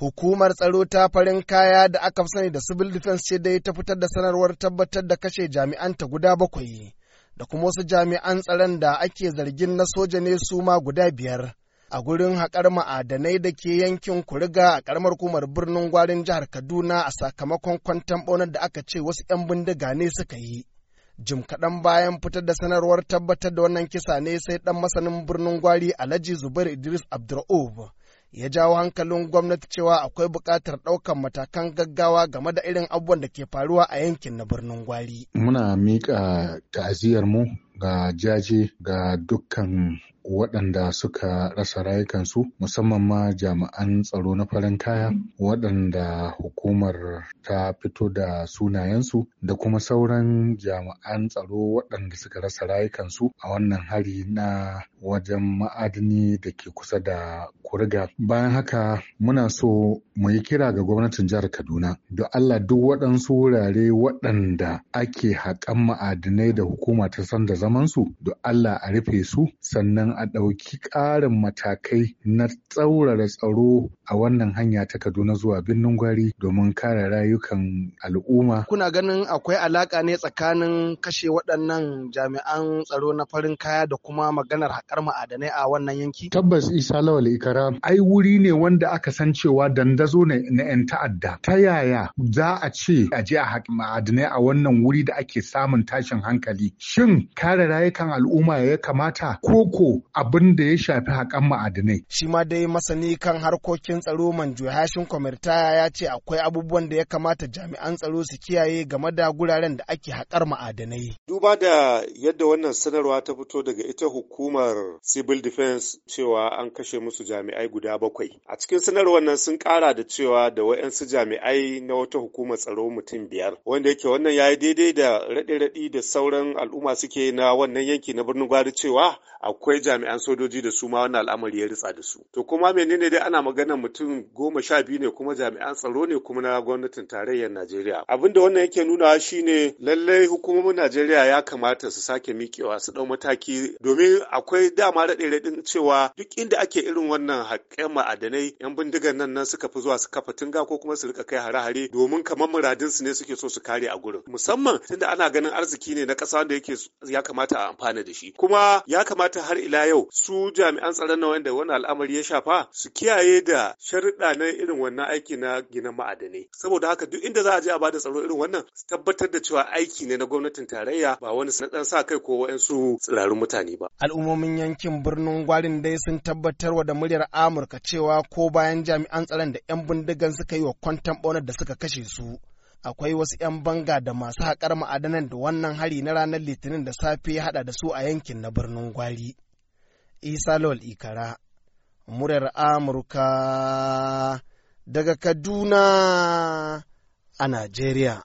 Hukumar tsaro ta farin kaya da aka fi sani da Civil Defense ce dai ta fitar da sanarwar tabbatar da kashe jami'anta guda bakwai da kuma wasu jami'an tsaron da ake zargin na soja ne su ma guda biyar a gurin haƙar ma'adanai da ke yankin Kuriga a ƙaramar hukumar birnin gwarin jihar Kaduna a sakamakon kwantan ɓaunar da aka ce wasu 'yan bindiga ne suka yi. jim kaɗan bayan fitar da sanarwar tabbatar da wannan kisa ne sai ɗan masanin birnin gwari alhaji zubair idris abdur'ub ya jawo hankalin gwamnati cewa akwai buƙatar ɗaukar matakan gaggawa game da irin abubuwan da ke faruwa a yankin na birnin gwari. Muna miƙa ta'aziyar mu ga jaje ga dukkan waɗanda suka rasa rayukansu musamman ma jami'an tsaro na farin kaya waɗanda hukumar ta fito da sunayensu da kuma sauran jami'an tsaro waɗanda suka rasa rayukansu a wannan hari na wajen ma'adini da ke kusa da kuriga bayan haka muna so mu yi kira ga gwamnatin jihar kaduna da allah duk waɗansu wurare waɗanda ake haƙan ma'adinai da hukuma ta san da zamansu da allah a rufe su sannan a ɗauki ƙarin matakai na tsaurara tsaro a wannan hanya ta Kaduna zuwa birnin Gwari domin kare rayukan al'umma. Kuna ganin akwai alaƙa ne tsakanin kashe waɗannan jami'an tsaro na farin kaya da kuma maganar haƙar ma'adanai a wannan yanki? Tabbas Isa Lawal Ikara, ai wuri ne wanda aka san cewa dandazo na 'yan ta'adda. Ta yaya za a ce a je a haƙi ma'adanai a wannan wuri da ake samun tashin hankali? Shin kare rayukan al'umma ya kamata koko abin da ya shafi haƙan ma'adinai. Shi ma dai masani kan harkokin tsaro manjo hashin kwamirtaya ya ce akwai abubuwan da ya kamata jami'an tsaro su kiyaye game da guraren da ake haƙar ma'adinai. Duba da yadda wannan sanarwa ta fito daga ita hukumar civil defense cewa an kashe musu jami'ai guda bakwai. A cikin sanarwar nan sun ƙara da cewa da wa'yansu jami'ai na wata hukumar tsaro mutum biyar wanda yake wannan ya yi daidai da raɗe-raɗi da sauran al'umma suke na wannan yanki na birnin gwari cewa akwai jami'ai jami'an sojoji da su ma wannan al'amari ya ritsa da su to kuma menene dai ana magana mutum goma sha biyu ne kuma jami'an tsaro ne kuma na gwamnatin tarayyar Najeriya abin da wannan yake nuna shine lallai hukumomin Najeriya ya kamata su sake miƙewa su ɗau mataki domin akwai dama raɗe raɗin cewa duk inda ake irin wannan haƙƙen ma'adanai yan bindigar nan nan suka fi zuwa su kafa tunga ko kuma su rika kai hare-hare domin kamar muradin su ne suke so su kare a gurin musamman tunda ana ganin arziki ne na ƙasa wanda yake ya kamata a amfana da shi kuma ya kamata har ila a yau su jami'an tsaron na wanda wani al'amari ya shafa su kiyaye da sharuɗa na irin wannan aiki na gina ma'adanai saboda haka duk inda za a je a bada tsaro irin wannan su tabbatar da cewa aiki ne na gwamnatin tarayya ba wani na ɗan sa kai ko wa'ansu tsirarun mutane ba al'ummomin yankin birnin gwarin dai sun tabbatar wa da muryar amurka cewa ko bayan jami'an tsaron da 'yan bindigan suka yi wa kwantan ɓaunar da suka kashe su akwai wasu 'yan banga da masu haƙar ma'adanan da wannan hari na ranar litinin da safe ya haɗa da su a yankin na birnin gwari. Isa Lol Ikara, murar Amurka daga Kaduna a Najeriya.